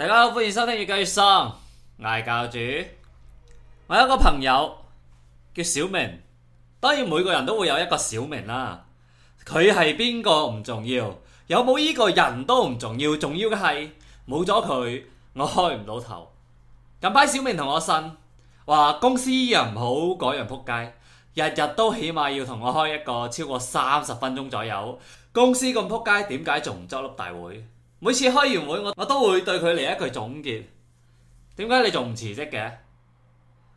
大家好，歡迎收聽《越講越生》，艾教主，我有個朋友叫小明，當然每個人都會有一個小明啦。佢係邊個唔重要，有冇依個人都唔重要，重要嘅係冇咗佢，我開唔到頭。近排小明同我呻話公司依樣唔好，嗰樣撲街，日日都起碼要同我開一個超過三十分鐘左右。公司咁撲街，點解仲唔執笠大會？每次開完會，我我都會對佢嚟一句總結：點解你仲唔辭職嘅？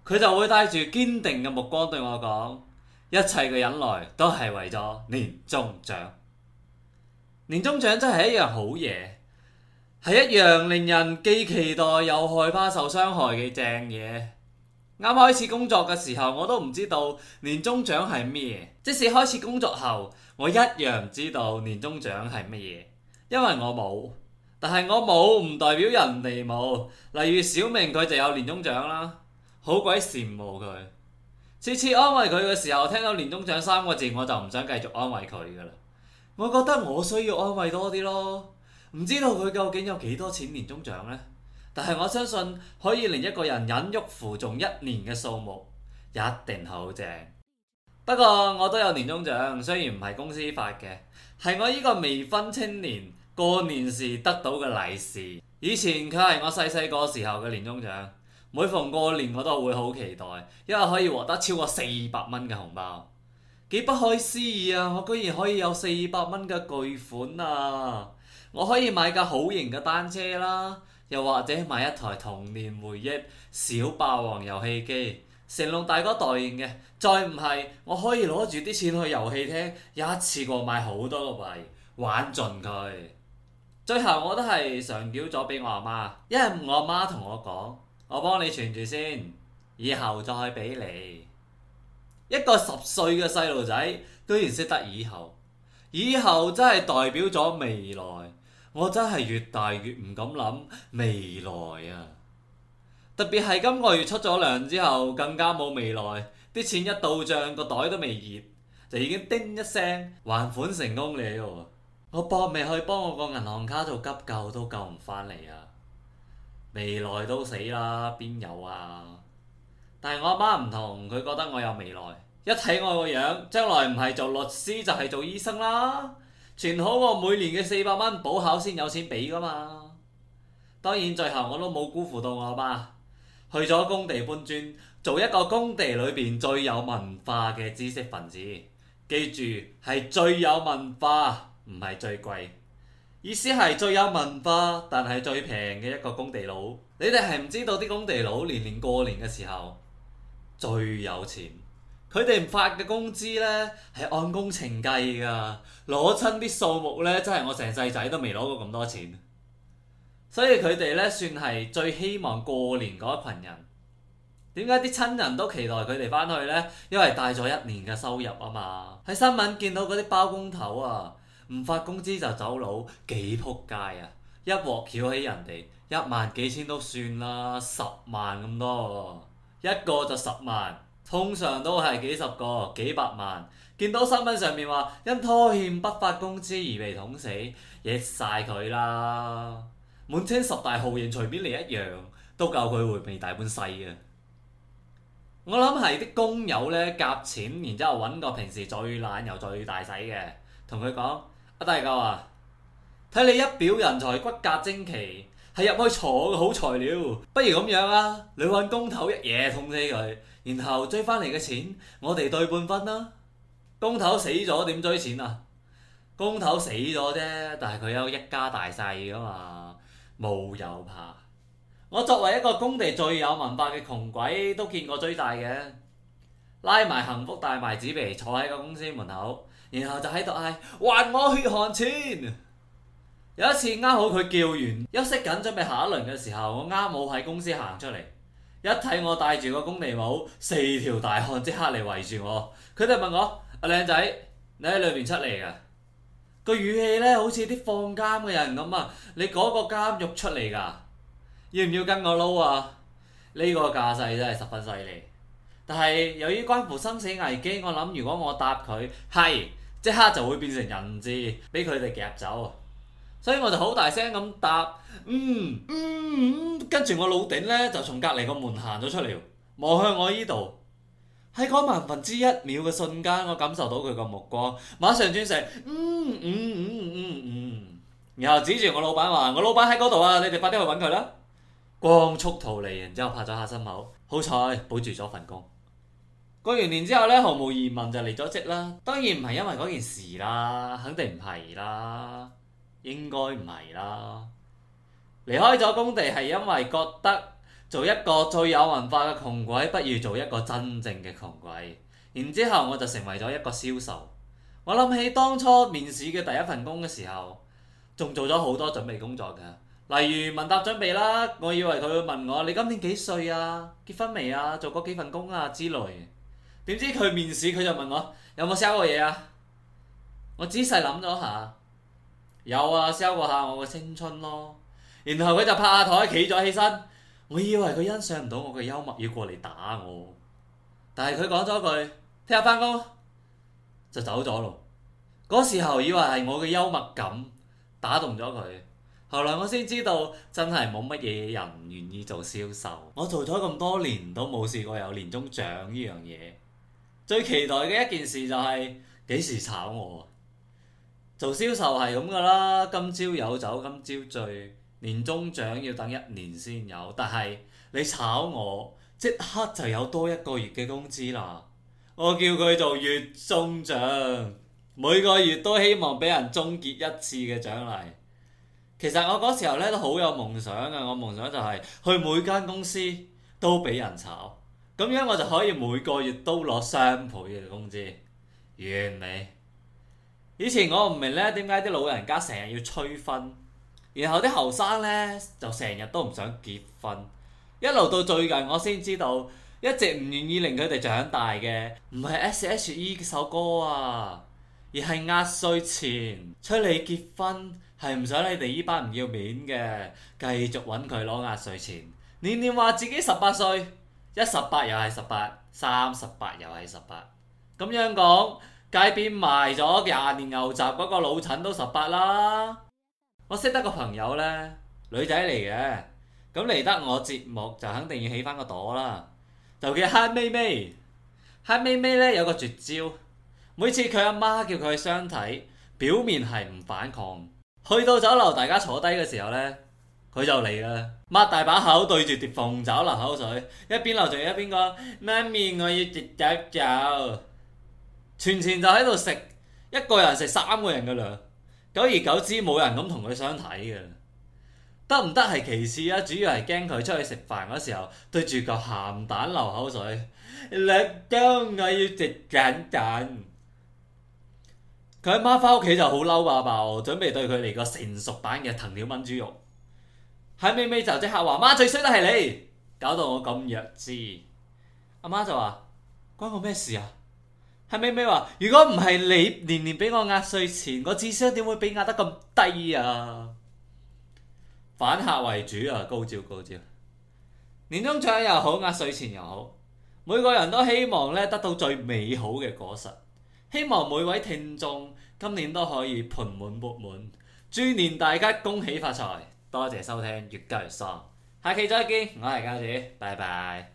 佢就會帶住堅定嘅目光對我講：一切嘅忍耐都係為咗年終獎。年終獎真係一樣好嘢，係一樣令人既期待又害怕受傷害嘅正嘢。啱開始工作嘅時候，我都唔知道年終獎係咩。即使開始工作後，我一樣唔知道年終獎係乜嘢。因為我冇，但係我冇唔代表人哋冇。例如小明佢就有年終獎啦，好鬼羨慕佢。次次安慰佢嘅時候，聽到年終獎三個字，我就唔想繼續安慰佢㗎喇。我覺得我需要安慰多啲咯。唔知道佢究竟有幾多錢年終獎呢？但係我相信可以令一個人忍辱負重一年嘅數目，一定好正。不過我都有年終獎，雖然唔係公司發嘅，係我依個未婚青年。過年時得到嘅利是，以前佢係我細細個時候嘅年終獎。每逢過年，我都會好期待，因為可以獲得超過四百蚊嘅紅包。幾不可思議啊！我居然可以有四百蚊嘅巨款啊！我可以買架好型嘅單車啦，又或者買一台童年回憶小霸王遊戲機，成龍大哥代言嘅。再唔係，我可以攞住啲錢去遊戲廳，一次過買好多個幣，玩盡佢。最後我都係上繳咗俾我阿媽，因為我阿媽同我講：我幫你存住先，以後再俾你。一個十歲嘅細路仔，居然識得以後，以後真係代表咗未來。我真係越大越唔敢諗未來啊！特別係今個月出咗糧之後，更加冇未來。啲錢一到賬，個袋都未熱，就已經叮一聲還款成功了。我搏命去幫我個銀行卡做急救，都救唔返嚟啊！未來都死啦，邊有啊？但係我阿媽唔同，佢覺得我有未來。一睇我個樣，將來唔係做律師就係做醫生啦。存好我每年嘅四百蚊補考先有錢俾㗎嘛。當然最後我都冇辜負到我阿媽，去咗工地搬磚，做一個工地裏邊最有文化嘅知識分子。記住係最有文化。唔係最貴，意思係最有文化，但係最平嘅一個工地佬。你哋係唔知道啲工地佬年年過年嘅時候最有錢，佢哋發嘅工資呢係按工程計㗎，攞親啲數目呢，真係我成世仔都未攞過咁多錢。所以佢哋呢，算係最希望過年嗰一群人。點解啲親人都期待佢哋翻去呢？因為帶咗一年嘅收入啊嘛。喺新聞見到嗰啲包工頭啊。唔發工資就走佬，幾撲街啊！一鑊撬起人哋一萬幾千都算啦，十萬咁多一個就十萬，通常都係幾十個幾百萬。見到新聞上面話因拖欠不發工資而被捅死，益晒佢啦！滿清十大酷刑隨便嚟一樣都夠佢回味大半世嘅。我諗係啲工友呢，夾錢，然之後揾個平時最懶又最大使嘅，同佢講。阿大舅啊，睇你一表人才，骨骼精奇，係入去坐嘅好材料。不如咁樣啊，你揾工頭一嘢捅死佢，然後追翻嚟嘅錢，我哋對半分啦。工頭死咗點追錢啊？工頭死咗啫，但係佢有一家大細噶嘛，冇有怕？我作為一個工地最有文化嘅窮鬼，都見過追債嘅。拉埋幸福帶埋紙皮坐喺個公司門口，然後就喺度嗌，還我血汗錢。有一次啱好佢叫完休息緊，準備下一輪嘅時候，我啱好喺公司行出嚟，一睇我戴住個工地帽，四條大漢即刻嚟圍住我，佢哋問我，阿靚、啊、仔，你喺裏面出嚟噶？個語氣咧好似啲放監嘅人咁啊！你嗰個監獄出嚟噶？要唔要跟我撈啊？呢、這個架勢真係十分犀利。但係由於關乎生死危機，我諗如果我答佢係，即刻就會變成人質，俾佢哋夾走。所以我就好大聲咁答：嗯嗯，嗯，嗯，跟住我老頂呢，就從隔離個門行咗出嚟，望向我呢度。喺嗰萬分之一秒嘅瞬間，我感受到佢個目光，馬上轉成嗯嗯嗯嗯嗯，嗯，嗯，然後指住我老闆話：我老闆喺嗰度啊！你哋快啲去揾佢啦！光速逃離，然之後拍咗下心口，好彩保住咗份工。過完年之後咧，毫無疑問就離咗職啦。當然唔係因為嗰件事啦，肯定唔係啦，應該唔係啦。離開咗工地係因為覺得做一個最有文化嘅窮鬼，不如做一個真正嘅窮鬼。然之後我就成為咗一個銷售。我諗起當初面試嘅第一份工嘅時候，仲做咗好多準備工作㗎，例如問答準備啦。我以為佢會問我你今年幾歲啊？結婚未啊？做過幾份工啊？之類。點知佢面試，佢就問我有冇 sell 過嘢啊？我仔細諗咗下，有啊，sell 過下我嘅青春咯。然後佢就拍下台，企咗起身，我以為佢欣賞唔到我嘅幽默要過嚟打我，但係佢講咗句聽日翻工，就走咗咯。嗰時候以為係我嘅幽默感打動咗佢，後來我先知道真係冇乜嘢人願意做銷售。我做咗咁多年都冇試過有年終獎呢樣嘢。最期待嘅一件事就係、是、幾時炒我？做銷售係咁噶啦，今朝有酒今朝醉，年終獎要等一年先有。但係你炒我，即刻就有多一個月嘅工資啦。我叫佢做月終獎，每個月都希望俾人終結一次嘅獎勵。其實我嗰時候呢都好有夢想嘅，我夢想就係去每間公司都俾人炒。咁樣我就可以每個月都攞雙倍嘅工資，完美。以前我唔明咧，點解啲老人家成日要催婚，然後啲後生咧就成日都唔想結婚。一路到最近，我先知道一直唔願意令佢哋長大嘅唔係 S.H.E 首歌啊，而係壓歲錢。催你結婚，係唔想你哋依班唔要面嘅繼續揾佢攞壓歲錢，年年話自己十八歲。一十八又係十八，三十八又係十八，咁樣講街邊賣咗廿年牛雜嗰個老陳都十八啦。我識得個朋友呢，女仔嚟嘅，咁嚟得我節目就肯定要起返個朵啦。就叫黑咪咪，黑咪咪呢，有個絕招，每次佢阿媽叫佢相睇，表面係唔反抗，去到酒樓大家坐低嘅時候呢。佢就嚟啦，擘大把口對住碟鳳爪流口水，一邊流仲一邊講：媽咪，我要食一嚿。全程就喺度食，一個人食三個人嘅糧。久而久之，冇人咁同佢相睇嘅。得唔得係其次啊，主要係驚佢出去食飯嗰時候對住個鹹蛋流口水。老公，我要食緊緊。佢阿媽翻屋企就好嬲爆爆，準備對佢嚟個成熟版嘅藤條炆豬肉。喺咪咪就即刻話媽，最衰都係你，搞到我咁弱智。阿媽就話關我咩事啊？喺咪咪話如果唔係你年年俾我壓歲錢，我智商點會俾壓得咁低啊？反客為主啊，高招高招。年終獎又好，壓歲錢又好，每個人都希望咧得到最美好嘅果實，希望每位聽眾今年都可以盆滿缽滿，豬年大家恭喜發財。多謝收聽《越教越爽》，下期再見，我係教主，拜拜。